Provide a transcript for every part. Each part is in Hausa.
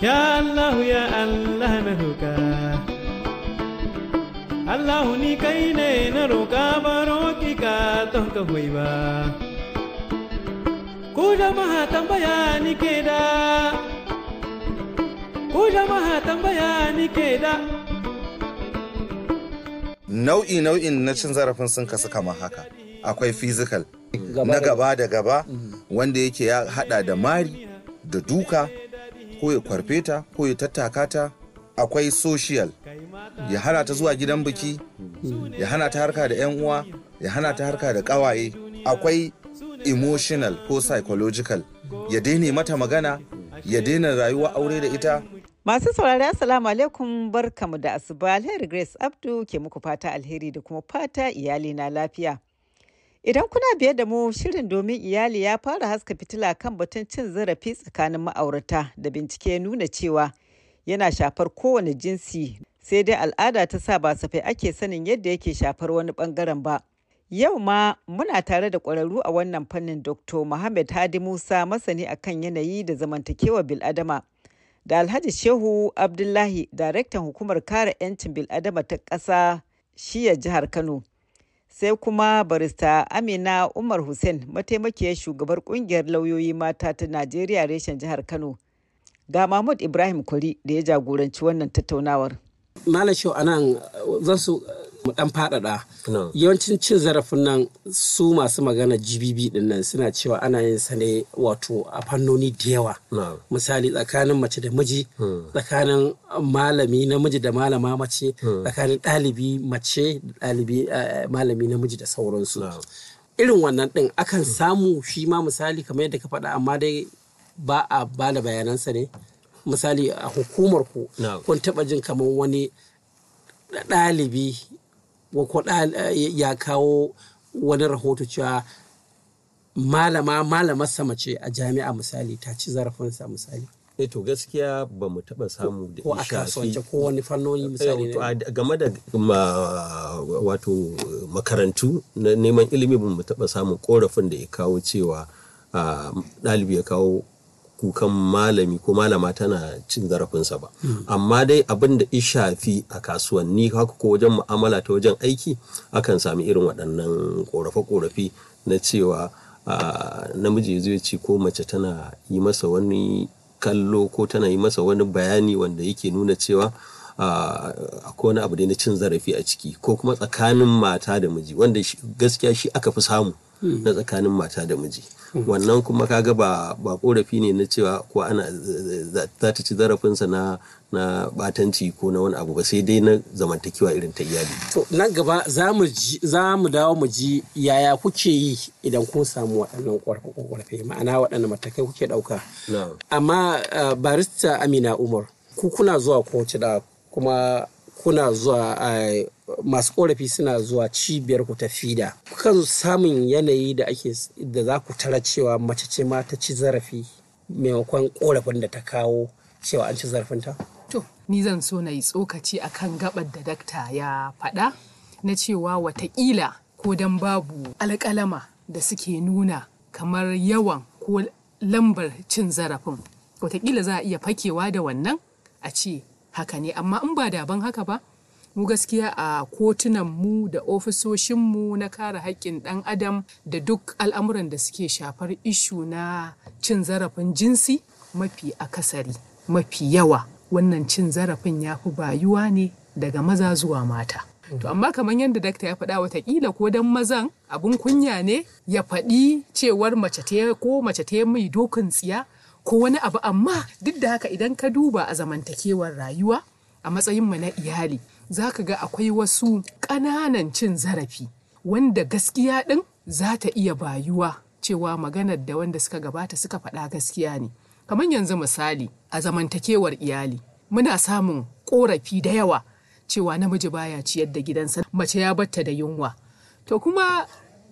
Ya Allah ya Allah na roƙa Allah ni kai ne na roƙa baro ki ka ton ka hui ba Ku jama'a tambaya ni ke da Ku jama'a tambaya ni ke da Nau'i nau'in na cin zarafin sun kasu kamar haka akwai physical na gaba da gaba mm. wanda yake ya hada da mari da duka ko ya kwarfe ta ko ya tattaka ta akwai social ya hana ta zuwa gidan biki ya hana ta harka da 'yan uwa ya hana ta harka da kawaye akwai emotional ko psychological ya daina mata magana ya daina rayuwa aure da ita masu saurari assalamu alaikum barkamu da asuba alheri grace abdu ke muku fata alheri da kuma fata iyali na lafiya Idan kuna biye da mu shirin domin iyali ya fara haska fitila kan batun cin zarafi tsakanin ma'aurata da bincike nuna cewa yana shafar kowane jinsi sai dai al'ada ta sa ba safai ake sanin yadda yake shafar wani bangaren ba. Yau ma muna tare da ƙwararru a wannan fannin Dr. Muhammad Hadi Musa masani kan yanayi da zamantakewa bil'adama. Da Alhaji Shehu Abdullahi, Daraktan Hukumar Kare 'Yancin Bil'adama ta ƙasa shiya jihar Kano. sai kuma barista amina umar hussein mataimakiyar shugabar kungiyar lauyoyi mata ta najeriya reshen jihar kano ga mahmud ibrahim kwari da ya jagoranci wannan tattaunawar malam anan eh, zan su mu dan faɗaɗa yawancin cin zarafin nan su masu magana gbb din nan suna cewa ana yin sa ne wato a fannoni da yawa misali tsakanin mace da miji hmm. tsakanin malami namiji da malama mace hmm. tsakanin ɗalibi mace da ɗalibi eh, malami namiji da sauransu irin wannan ɗin akan samu shi ma misali kamar yadda ka faɗa amma dai ba a bada bayanansa ne misali a hukumar ku kun taba jin kamar wani ɗalibi wakwada eh, ya kawo wani rahoto cewa malama sama ce a jami'a misali ta ci zarafinsa misali eh to gaskiya ba mu taɓa samu da ko a kasuwanci ko wani fannoni eh, misali game da wato makarantu na neman ilimi ba mu taɓa samun korafin da ya kawo cewa ah, ɗalibi ya kawo kukan malami ko malama tana cin zarafinsa ba amma dai abin da shafi a kasuwanni haka ko wajen mu'amala ta wajen aiki akan sami irin waɗannan ƙorafe-ƙorafe na cewa namiji zai ce ko mace tana yi masa wani kallo ko tana yi masa wani bayani wanda yake nuna cewa akwai wani abu da na cin zarafi a ciki ko kuma tsakanin mata da miji wanda gaskiya shi aka fi samu na tsakanin mata da miji wannan kuma kaga ba ba korafi ne na cewa ko ana za ta ci zarafinsa na na batanci ko na wani abu ba sai dai na zamantakewa irin ta iyali to nan gaba za mu dawo mu ji yaya kuke yi idan kun samu waɗannan ƙwarfe-ƙwarfe ma'ana waɗannan matakai kuke ɗauka amma eh, barista amina umar ku kuna zuwa kowace da kuma kuna zuwa a eh, masu korafi suna zuwa cibiyar ku ta fida Kan samun yanayi da ake da za ku tara cewa mace ce ma ta ci zarafi maimakon korafin da ta kawo cewa an ci zarafinta? To, ni zan so na yi tsokaci a kan gabar da dakta ya faɗa na cewa watakila ko don babu alƙalama da suke nuna kamar yawan ko lambar cin zarafin. Watakila za a iya fakewa da wannan a ce haka ne, amma in ba daban haka ba, mu gaskiya a kotunan mu da ofisoshin mu na kare haƙƙin ɗan adam da duk al'amuran da suke shafar ishu na cin zarafin jinsi mafi akasari mafi yawa wannan cin zarafin ya fi bayuwa ne daga maza zuwa mata To amma kamar yadda dakta ya faɗa watakila ko dan mazan abun kunya ne ya faɗi cewar mace ta ko mace ta mai dokin tsiya ko wani abu amma duk da haka idan ka duba a zamantakewar rayuwa a matsayinmu na iyali za ka ga akwai wasu ƙananan cin zarafi wanda gaskiya ɗin za ta iya bayuwa cewa maganar da wanda suka gabata suka faɗa gaskiya ne kamar yanzu misali a zamantakewar iyali muna samun ƙorafi da yawa cewa namiji baya ciyar da gidansa mace ya batta da yunwa to kuma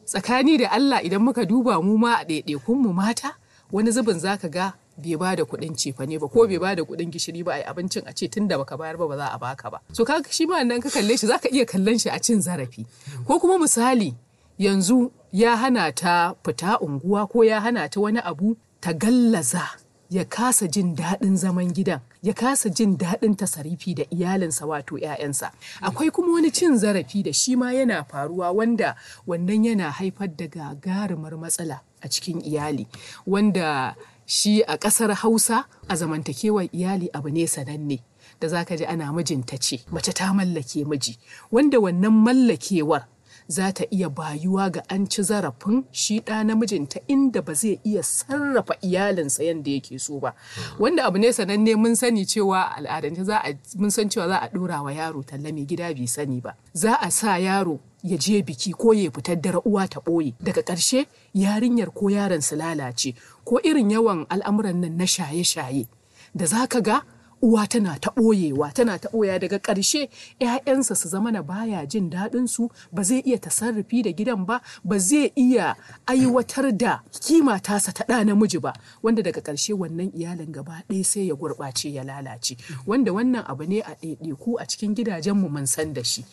tsakani da Allah idan muka duba mu ma a ɗaiɗaikunmu mata wani zubin za ka ga bai ba da kuɗin cefane ba ko bai ba da kuɗin gishiri ba a abincin a ce tun da baka bayar ba ba za a baka ba so kaga shi ma nan ka kalle shi za ka iya kallon shi a cin zarafi ko kuma misali yanzu ya hana ta fita unguwa ko ya hana ta wani abu ta gallaza ya kasa jin daɗin zaman gidan ya kasa jin daɗin tasarifi da iyalinsa wato 'ya'yansa akwai kuma wani cin zarafi da shi ma yana faruwa wanda wannan yana haifar da gagarumar matsala a cikin iyali wanda shi a ƙasar hausa a zamantakewar iyali abu ne sananne da za ka ji ana mijinta ce mace ta mallake miji wanda wannan mallakewar za ta iya bayuwa ga an ci zarafin shi ɗa namijinta inda ba zai iya sarrafa iyalinsa yadda yake so ba wanda abu ne sananne mun sani cewa al'adance za mun san cewa za a ɗora wa yaro talla mai gida bai sani ba za a sa yaro ya je biki ko ya fitar dare uwa ta ɓoye daga ƙarshe yarinyar ko yaron su lalace ko irin yawan al'amuran nan na shaye-shaye da za ka ga uwa tana ta ɓoyewa tana ta ɓoya daga ƙarshe 'ya'yansa su zama na baya jin daɗin su ba zai iya tasarrufi da gidan ba ba zai iya aiwatar da kima tasa ta ɗa namiji ba wanda daga ƙarshe wannan iyalin gaba ɗaya sai ya gurɓace ya lalace wanda wannan abu ne a ɗaiɗaiku a cikin gidajenmu mun san da shi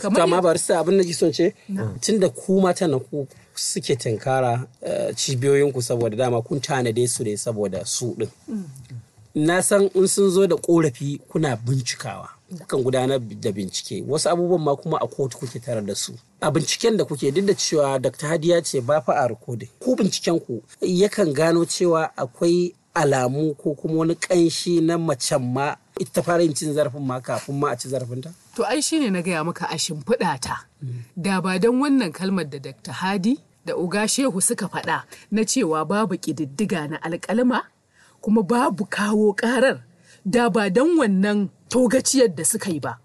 kama ba barista abin da son ce tun da ku mata na ku suke tinkara eh, cibiyoyinku saboda dama kun tanade su ne saboda su ɗin mm. na san in sun zo da korafi kuna bincikawa Kukan gudanar da bincike wasu abubuwan ma kuma a kotu kuke tare da su a binciken da kuke duk da cewa dr hadiya ce ba fa a rikodin ku binciken ku yakan gano cewa akwai alamu ko kuma wani kanshi na macen ma ita fara yin cin zarafin ma kafin ma a ci zarafinta? To ai shine na gaya maka a shimfiɗa ta. Da ba don wannan kalmar da Dr. Hadi da Uga Shehu suka faɗa na cewa babu ƙididdiga na alƙalma kuma babu kawo karar da ba don wannan togaciyar da suka yi ba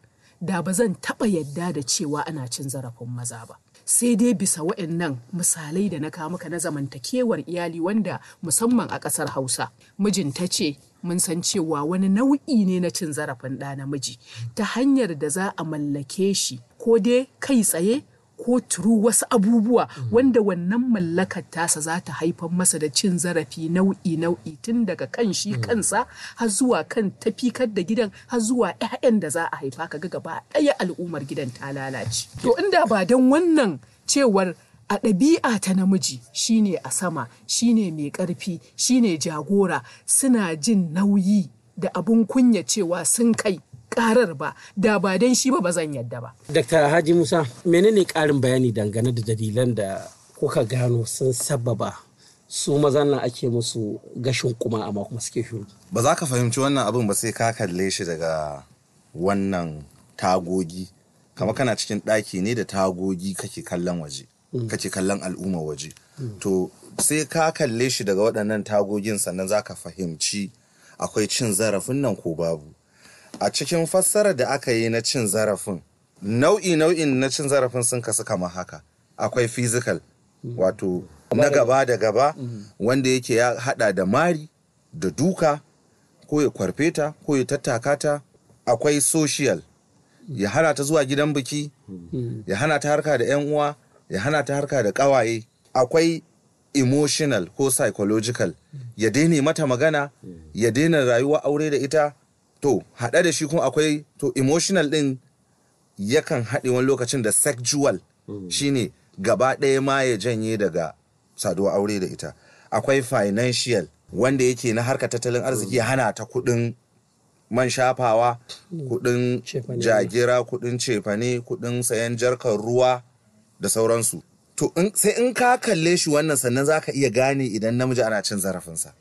da ba zan taɓa yadda da cewa ana cin zarafin maza ba sai dai bisa wa'annan misalai da na kawo ka na zamantakewar iyali wanda musamman a ƙasar hausa Mijin ta ce mun san cewa wani nau'i ne na cin zarafin ɗa namiji ta hanyar da za a mallake shi ko dai kai tsaye ko turu wasu abubuwa wanda wannan mallakar tasa za ta haifar masa da cin zarafi nau'i nau'i tun daga kan shi mm. kansa har zuwa kan tafikar da gidan har zuwa 'ya'yan da za a haifa kaga gaba ɗaya al'ummar gidan ta lalace to inda ba don wannan cewar a ɗabi'a ta namiji shine a sama shine mai ƙarfi shine jagora suna jin nauyi da abun kunya cewa sun kai karar ba da ba don shi ba ba zan yadda ba. Dr. Haji Musa menene karin bayani dangane da dalilan da kuka gano sun sababa su mazan nan ake musu gashin kuma mako kuma suke shiru. Ba za ka fahimci wannan abin ba sai ka kalle shi daga wannan tagogi kama kana cikin ɗaki ne da tagogi kake kallon waje mm. kake kallon al'umma waje mm. to sai ka kalle shi daga waɗannan tagogin sannan za ka fahimci akwai cin zarafin nan ko babu a cikin fassara da aka yi na cin zarafin nau'i nau'in na cin zarafin sun kasu kamar haka akwai physical wato na gaba da gaba wanda yake ya hada da mari da duka ko ya kwarfe ta ko ya tattaka ta akwai social ya hana ta zuwa gidan biki ya hana ta harka da 'yan uwa ya hana ta harka da kawaye akwai emotional ko psychological ya daina mata magana ya daina rayuwa aure da ita to haɗe da shi kuma akwai to emotional ɗin yakan haɗe wani lokacin da sexual hmm. shine gaba ɗaya ma ya janye daga saduwa aure da ita akwai financial wanda yake na harkar tattalin arziki hmm. hana ta kuɗin man shafawa hmm. kuɗin jagira kuɗin cefane kuɗin sayan jarkar ruwa da sauransu to sai in ka kalle shi wannan sannan za ka iya gane idan namiji ana cin zarafinsa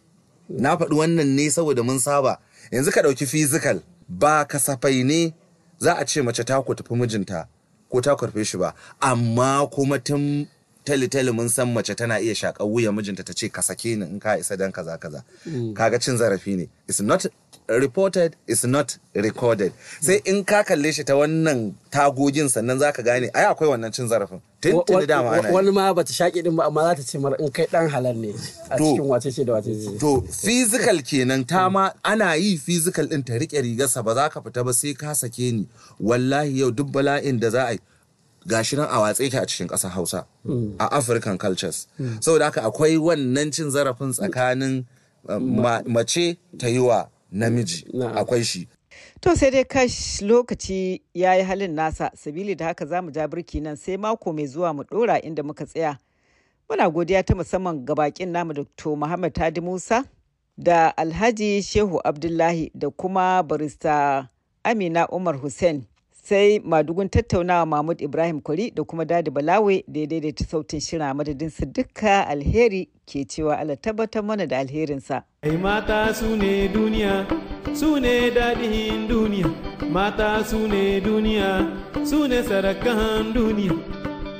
na faɗi wannan ne saboda mun saba yanzu ka ɗauki fizikal ba kasafai ne za a ce mace ta ku mijinta ko ta kurfe shi ba amma kuma tun tali mun san mace tana iya shaƙar wuya mijinta ta ce ka sake ni in ka isa dan kaza kaza mm. kaga cin zarafi ne it's not reported is not recorded sai in ka kalle shi ta wannan tagogin sannan za ka gane ai akwai wannan cin zarafin tuntuni ana wani ma bata shaƙi din ba amma za ta ce mara in kai dan halal ne a cikin wace ce da wace ce to physical kenan ta ma ana yi physical din ta rike rigarsa ba za ka fita ba sai ka sake ni wallahi yau duk bala'in da za a yi gashi nan a watse ki a cikin ƙasar Hausa hmm. a African cultures saboda haka akwai wannan cin zarafin tsakanin eh, mace ta yi wa namiji akwai shi To sai dai kash lokaci ya yi halin nasa, sabili da haka za mu ja birki nan sai mako mai zuwa mu ɗora inda muka tsaya. Muna godiya ta musamman ga bakin namu Dr. Muhammad Tadi Musa da Alhaji Shehu Abdullahi da kuma barista Amina Umar Hussein. Sai madugun tattaunawa Mahmud Ibrahim Kwari da kuma Dadi Balawe da ya daidaita sautin shira madadin su duka alheri ke cewa Allah tabbatar mana da alherinsa. Ai mata su ne duniya su ne dadihin duniya mata su ne duniya su ne sarakan duniya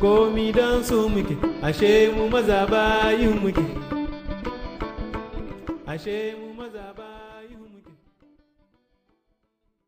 komi don su muke ashe mu maza bayin muke ashe mu maza